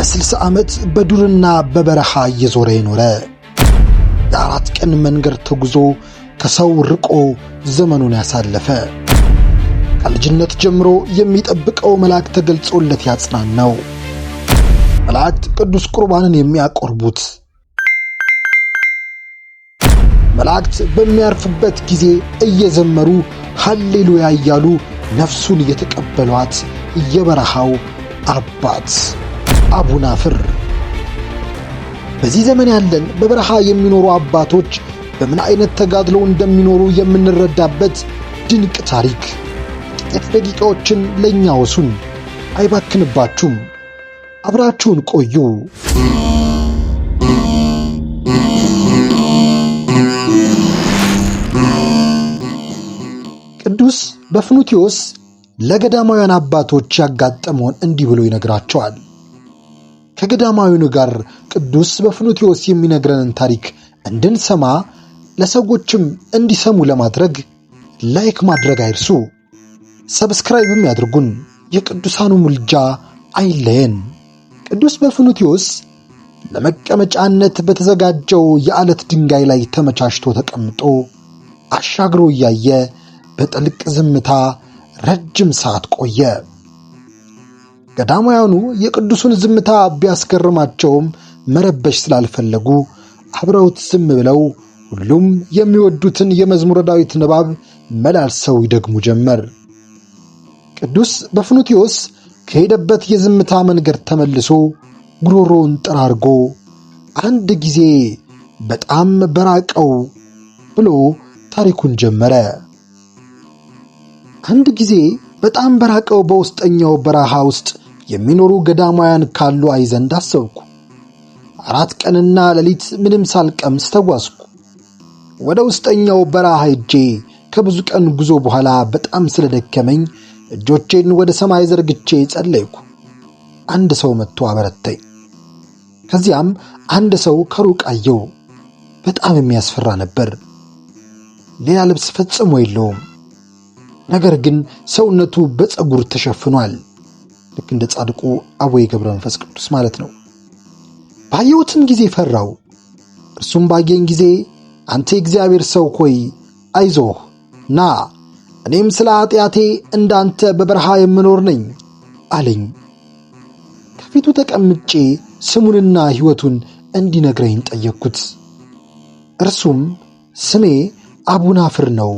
ለ60 ዓመት በዱርና በበረሃ እየዞረ የኖረ የአራት ቀን መንገድ ተጉዞ ከሰው ርቆ ዘመኑን ያሳለፈ ከልጅነት ጀምሮ የሚጠብቀው መልአክ ተገልጾለት ያጽናናው መላእክት ቅዱስ ቁርባንን የሚያቆርቡት መላእክት በሚያርፍበት ጊዜ እየዘመሩ ሃሌሉያ እያሉ ነፍሱን የተቀበሏት የበረሃው አባት አቡናፍር። በዚህ ዘመን ያለን በበረሃ የሚኖሩ አባቶች በምን አይነት ተጋድለው እንደሚኖሩ የምንረዳበት ድንቅ ታሪክ። ጥቂት ደቂቃዎችን ለእኛ ወሱን፣ አይባክንባችሁም። አብራችሁን ቆዩ። ቅዱስ በፍኑትዮስ ለገዳማውያን አባቶች ያጋጠመውን እንዲህ ብሎ ይነግራቸዋል። ከገዳማዊኑ ጋር ቅዱስ በፍኑትዮስ የሚነግረንን ታሪክ እንድንሰማ ለሰዎችም እንዲሰሙ ለማድረግ ላይክ ማድረግ አይርሱ። ሰብስክራይብም ያድርጉን። የቅዱሳኑ ሙልጃ አይለየን። ቅዱስ በፍኑትዮስ ለመቀመጫነት በተዘጋጀው የዓለት ድንጋይ ላይ ተመቻችቶ ተቀምጦ አሻግሮ እያየ በጥልቅ ዝምታ ረጅም ሰዓት ቆየ። ገዳማውያኑ የቅዱሱን ዝምታ ቢያስገርማቸውም መረበሽ ስላልፈለጉ አብረውት ዝም ብለው ሁሉም የሚወዱትን የመዝሙረ ዳዊት ንባብ መላልሰው ይደግሙ ጀመር። ቅዱስ በፍኑትዮስ ከሄደበት የዝምታ መንገድ ተመልሶ ጉሮሮውን ጠራርጎ አንድ ጊዜ በጣም በራቀው ብሎ ታሪኩን ጀመረ። አንድ ጊዜ በጣም በራቀው በውስጠኛው በረሃ ውስጥ የሚኖሩ ገዳማውያን ካሉ አይ ዘንድ አሰብኩ። አራት ቀንና ሌሊት ምንም ሳልቀምስ ተጓዝኩ። ወደ ውስጠኛው በረሃ ሄጄ ከብዙ ቀን ጉዞ በኋላ በጣም ስለደከመኝ እጆቼን ወደ ሰማይ ዘርግቼ ጸለይኩ። አንድ ሰው መጥቶ አበረታኝ። ከዚያም አንድ ሰው ከሩቅ አየው። በጣም የሚያስፈራ ነበር። ሌላ ልብስ ፈጽሞ የለውም። ነገር ግን ሰውነቱ በፀጉር ተሸፍኗል። ልክ እንደ ጻድቁ አቦይ ገብረ መንፈስ ቅዱስ ማለት ነው። ባየሁትም ጊዜ ፈራው። እርሱም ባየኝ ጊዜ አንተ የእግዚአብሔር ሰው ሆይ አይዞህ ና፣ እኔም ስለ ኃጢአቴ እንዳንተ በበረሃ የምኖር ነኝ አለኝ። ከፊቱ ተቀምጬ ስሙንና ሕይወቱን እንዲነግረኝ ጠየቅኩት። እርሱም ስሜ አቡናፍር ነው።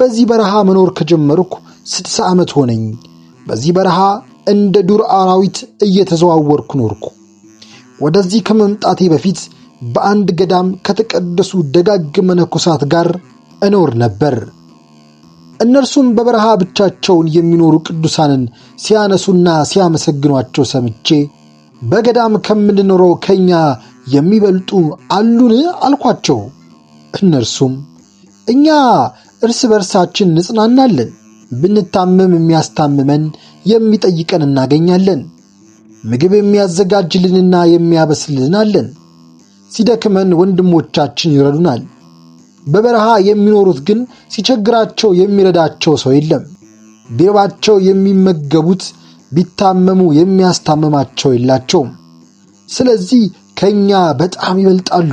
በዚህ በረሃ መኖር ከጀመርኩ ስድሳ ዓመት ሆነኝ። በዚህ በረሃ እንደ ዱር አራዊት እየተዘዋወርኩ ኖርኩ። ወደዚህ ከመምጣቴ በፊት በአንድ ገዳም ከተቀደሱ ደጋግ መነኮሳት ጋር እኖር ነበር። እነርሱም በበረሃ ብቻቸውን የሚኖሩ ቅዱሳንን ሲያነሱና ሲያመሰግኗቸው ሰምቼ በገዳም ከምንኖረው ከኛ የሚበልጡ አሉን አልኳቸው። እነርሱም እኛ እርስ በርሳችን እንጽናናለን፣ ብንታመም የሚያስታምመን የሚጠይቀን እናገኛለን። ምግብ የሚያዘጋጅልንና የሚያበስልን አለን። ሲደክመን ወንድሞቻችን ይረዱናል። በበረሃ የሚኖሩት ግን ሲቸግራቸው የሚረዳቸው ሰው የለም። ቢርባቸው የሚመገቡት፣ ቢታመሙ የሚያስታምማቸው የላቸውም። ስለዚህ ከእኛ በጣም ይበልጣሉ።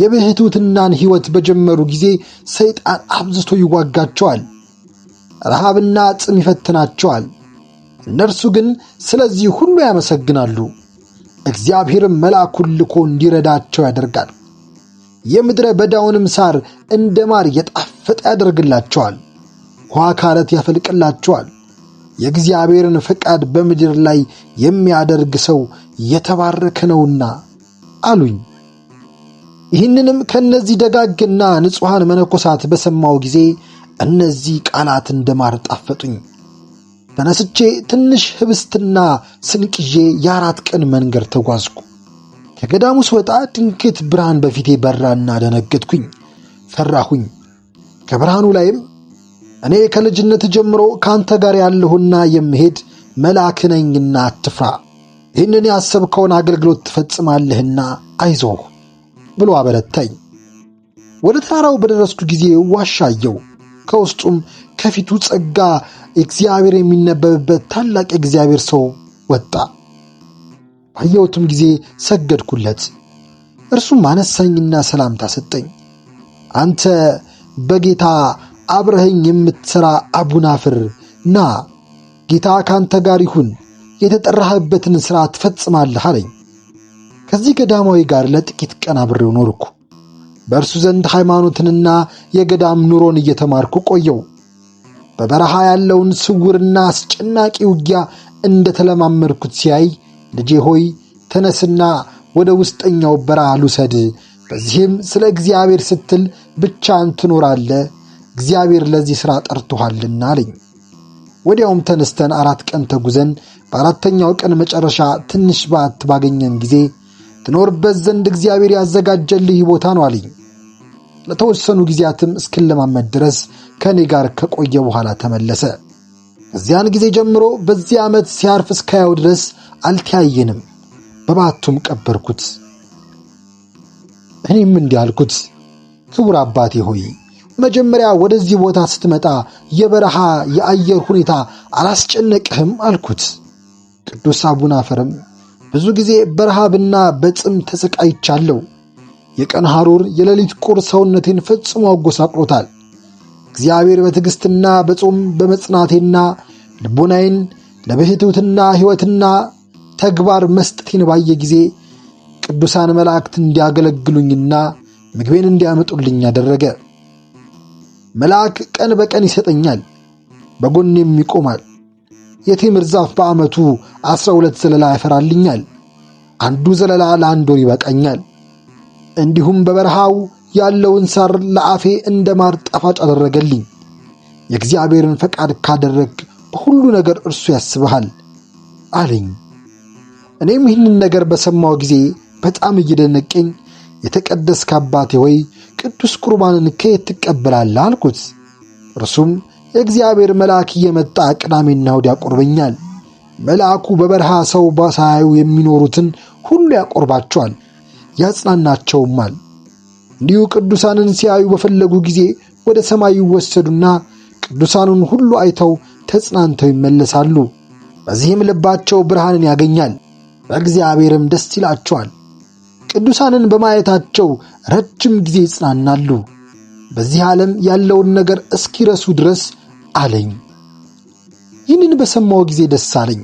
የብህቱትናን ሕይወት በጀመሩ ጊዜ ሰይጣን አብዝቶ ይዋጋቸዋል። ረሃብና ጽም ይፈትናቸዋል። እነርሱ ግን ስለዚህ ሁሉ ያመሰግናሉ። እግዚአብሔርም መልአኩን ልኮ እንዲረዳቸው ያደርጋል። የምድረ በዳውንም ሳር እንደ ማር የጣፈጠ ያደርግላቸዋል። ውሃ ካለት ያፈልቅላቸዋል። የእግዚአብሔርን ፈቃድ በምድር ላይ የሚያደርግ ሰው የተባረከ ነውና አሉኝ። ይህንንም ከእነዚህ ደጋግና ንጹሐን መነኮሳት በሰማው ጊዜ እነዚህ ቃላት እንደማር ጣፈጡኝ። ተነስቼ ትንሽ ህብስትና ስንቅዤ የአራት ቀን መንገድ ተጓዝኩ። ከገዳሙ ስወጣ ድንገት ብርሃን በፊቴ በራና ደነገጥኩኝ፣ ፈራሁኝ። ከብርሃኑ ላይም እኔ ከልጅነት ጀምሮ ከአንተ ጋር ያለሁና የምሄድ መልአክ ነኝና አትፍራ፣ ይህንን ያሰብከውን አገልግሎት ትፈጽማለህና አይዞህ ብሎ አበረታኝ። ወደ ተራራው በደረስኩ ጊዜ ዋሻየው ከውስጡም ከፊቱ ጸጋ እግዚአብሔር የሚነበብበት ታላቅ የእግዚአብሔር ሰው ወጣ። ባየሁትም ጊዜ ሰገድኩለት። እርሱም አነሳኝና ሰላምታ ሰጠኝ። አንተ በጌታ አብረኸኝ የምትሠራ አቡናፍር ና፣ ጌታ ከአንተ ጋር ይሁን፣ የተጠራህበትን ሥራ ትፈጽማለህ አለኝ። ከዚህ ገዳማዊ ጋር ለጥቂት ቀን አብሬው ኖርኩ። በእርሱ ዘንድ ሃይማኖትንና የገዳም ኑሮን እየተማርኩ ቆየው። በበረሃ ያለውን ስውርና አስጨናቂ ውጊያ እንደተለማመድኩት ሲያይ ልጄ ሆይ ተነስና ወደ ውስጠኛው በረሃ ልውሰድ፣ በዚህም ስለ እግዚአብሔር ስትል ብቻን ትኖራለ፣ እግዚአብሔር ለዚህ ሥራ ጠርቶሃልና አለኝ። ወዲያውም ተነስተን አራት ቀን ተጉዘን በአራተኛው ቀን መጨረሻ ትንሽ ባት ባገኘን ጊዜ ትኖርበት ዘንድ እግዚአብሔር ያዘጋጀልህ ቦታ ነው አለኝ። ለተወሰኑ ጊዜያትም እስክለማመድ ድረስ ከእኔ ጋር ከቆየ በኋላ ተመለሰ። እዚያን ጊዜ ጀምሮ በዚህ ዓመት ሲያርፍ እስካየው ድረስ አልተያየንም። በባቱም ቀበርኩት። እኔም እንዲህ አልኩት፣ ክቡር አባቴ ሆይ መጀመሪያ ወደዚህ ቦታ ስትመጣ የበረሃ የአየር ሁኔታ አላስጨነቅህም? አልኩት። ቅዱስ አቡነ አፈርም ብዙ ጊዜ በረሃብና በጽም ተሰቃይቻለሁ የቀን ሐሩር የሌሊት ቁር ሰውነቴን ፈጽሞ አጎሳቅሎታል። እግዚአብሔር በትዕግሥትና በጾም በመጽናቴና ልቦናዬን ለብሕትውናና ሕይወትና ተግባር መስጠቴን ባየ ጊዜ ቅዱሳን መላእክት እንዲያገለግሉኝና ምግቤን እንዲያመጡልኝ አደረገ። መልአክ ቀን በቀን ይሰጠኛል፣ በጎኔም ይቆማል። የቴምር ዛፍ በዓመቱ ዐሥራ ሁለት ዘለላ ያፈራልኛል። አንዱ ዘለላ ለአንድ ወር ይበቃኛል። እንዲሁም በበረሃው ያለውን ሳር ለአፌ እንደ ማር ጣፋጭ አደረገልኝ። የእግዚአብሔርን ፈቃድ ካደረግ በሁሉ ነገር እርሱ ያስብሃል አለኝ። እኔም ይህንን ነገር በሰማው ጊዜ በጣም እየደነቀኝ የተቀደስክ አባቴ ሆይ ቅዱስ ቁርባንን ከየት ትቀበላለህ? አልኩት። እርሱም የእግዚአብሔር መልአክ እየመጣ ቅዳሜና እሑድ ያቆርበኛል። መልአኩ በበረሃ ሰው ሳያዩ የሚኖሩትን ሁሉ ያቆርባቸዋል ያጽናናቸውማል። እንዲሁ ቅዱሳንን ሲያዩ በፈለጉ ጊዜ ወደ ሰማይ ይወሰዱና ቅዱሳኑን ሁሉ አይተው ተጽናንተው ይመለሳሉ። በዚህም ልባቸው ብርሃንን ያገኛል፣ በእግዚአብሔርም ደስ ይላቸዋል። ቅዱሳንን በማየታቸው ረጅም ጊዜ ይጽናናሉ። በዚህ ዓለም ያለውን ነገር እስኪረሱ ድረስ አለኝ። ይህንን በሰማው ጊዜ ደስ አለኝ።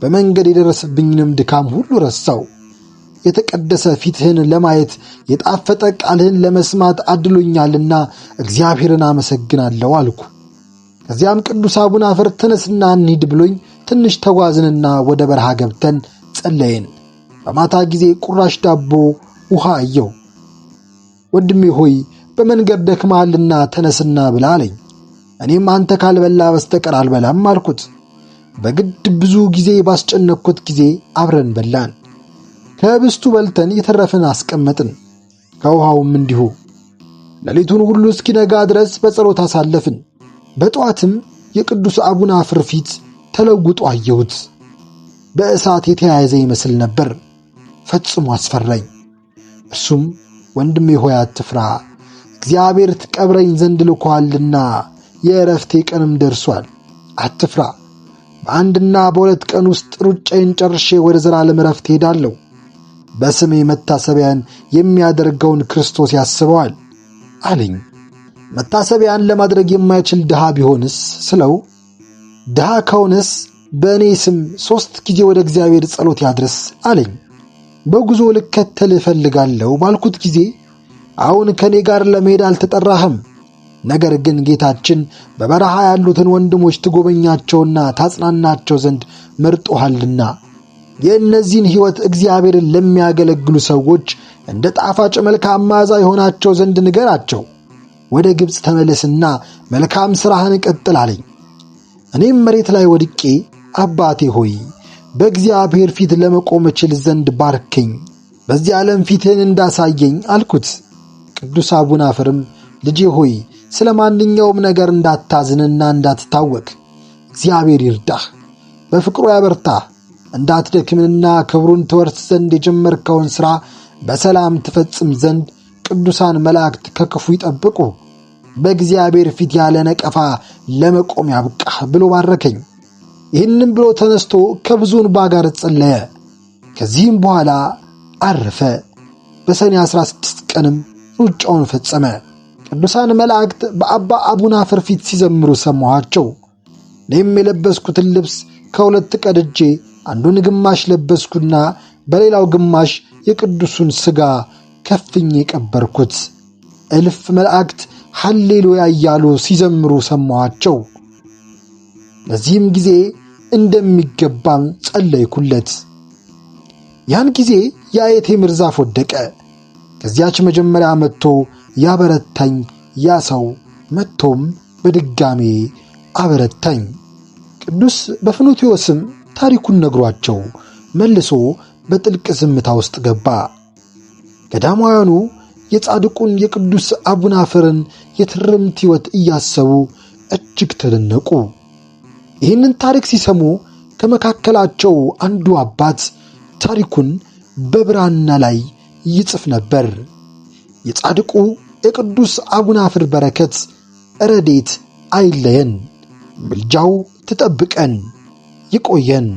በመንገድ የደረሰብኝንም ድካም ሁሉ ረሳው። የተቀደሰ ፊትህን ለማየት የጣፈጠ ቃልህን ለመስማት አድሎኛልና እግዚአብሔርን አመሰግናለሁ አልኩ። ከዚያም ቅዱስ አቡነ አፈር ተነስና እንሂድ ብሎኝ ትንሽ ተጓዝንና ወደ በረሃ ገብተን ጸለይን። በማታ ጊዜ ቁራሽ ዳቦ ውሃ አየው። ወንድሜ ሆይ በመንገድ ደክመሃልና ተነስና ብላ አለኝ። እኔም አንተ ካልበላ በስተቀር አልበላም አልኩት። በግድ ብዙ ጊዜ ባስጨነቅኩት ጊዜ አብረን በላን። ከህብስቱ በልተን የተረፈን አስቀመጥን፣ ከውሃውም እንዲሁ። ሌሊቱን ሁሉ እስኪነጋ ድረስ በጸሎት አሳለፍን። በጠዋትም የቅዱስ አቡነ አፍር ፊት ተለውጦ አየሁት። በእሳት የተያያዘ ይመስል ነበር። ፈጽሞ አስፈራኝ። እርሱም ወንድሜ ሆይ አትፍራ፣ እግዚአብሔር ትቀብረኝ ዘንድ ልኮአልና የእረፍቴ ቀንም ደርሷል። አትፍራ፣ በአንድና በሁለት ቀን ውስጥ ሩጫዬን ጨርሼ ወደ ዘላለም እረፍት ሄዳለሁ በስሜ መታሰቢያን የሚያደርገውን ክርስቶስ ያስበዋል አለኝ። መታሰቢያን ለማድረግ የማይችል ድሃ ቢሆንስ ስለው፣ ድሃ ከሆነስ በእኔ ስም ሦስት ጊዜ ወደ እግዚአብሔር ጸሎት ያድርስ አለኝ። በጉዞ ልከተል እፈልጋለሁ ባልኩት ጊዜ አሁን ከእኔ ጋር ለመሄድ አልተጠራህም፣ ነገር ግን ጌታችን በበረሃ ያሉትን ወንድሞች ትጎበኛቸውና ታጽናናቸው ዘንድ መርጦሃልና የእነዚህን ሕይወት እግዚአብሔርን ለሚያገለግሉ ሰዎች እንደ ጣፋጭ መልካም መዓዛ የሆናቸው ዘንድ ንገራቸው። ወደ ግብፅ ተመለስና መልካም ሥራህን ቀጥል አለኝ። እኔም መሬት ላይ ወድቄ አባቴ ሆይ በእግዚአብሔር ፊት ለመቆም እችል ዘንድ ባርከኝ፣ በዚህ ዓለም ፊትህን እንዳሳየኝ አልኩት። ቅዱስ አቡነ አፍርም ልጄ ሆይ ስለ ማንኛውም ነገር እንዳታዝንና እንዳትታወቅ እግዚአብሔር ይርዳህ፣ በፍቅሩ ያበርታህ እንዳትደክምንና ክብሩን ትወርስ ዘንድ የጀመርከውን ሥራ በሰላም ትፈጽም ዘንድ ቅዱሳን መላእክት ከክፉ ይጠብቁ፣ በእግዚአብሔር ፊት ያለ ነቀፋ ለመቆም ያብቃህ ብሎ ባረከኝ። ይህንም ብሎ ተነስቶ ከብዙ እንባ ጋር ጸለየ። ከዚህም በኋላ አረፈ። በሰኔ 16 ቀንም ሩጫውን ፈጸመ። ቅዱሳን መላእክት በአባ አቡናፍር ፊት ሲዘምሩ ሰማኋቸው። እኔም የለበስኩትን ልብስ ከሁለት ቀድጄ አንዱን ግማሽ ለበስኩና በሌላው ግማሽ የቅዱሱን ሥጋ ከፍኝ ቀበርኩት። እልፍ መላእክት ሐሌሉያ እያሉ ሲዘምሩ ሰማኋቸው። በዚህም ጊዜ እንደሚገባም ጸለይኩለት። ያን ጊዜ የአየቴምር ዛፍ ወደቀ። ከዚያች መጀመሪያ መጥቶ ያበረታኝ ያ ሰው መጥቶም በድጋሜ አበረታኝ። ቅዱስ በፍኑትዮስም ታሪኩን ነግሯቸው መልሶ በጥልቅ ዝምታ ውስጥ ገባ። ገዳማውያኑ የጻድቁን የቅዱስ አቡናፍርን የትርምት ሕይወት እያሰቡ እጅግ ተደነቁ። ይህንን ታሪክ ሲሰሙ ከመካከላቸው አንዱ አባት ታሪኩን በብራና ላይ ይጽፍ ነበር። የጻድቁ የቅዱስ አቡናፍር በረከት፣ ረዴት አይለየን፣ ምልጃው ትጠብቀን። ይቆየን።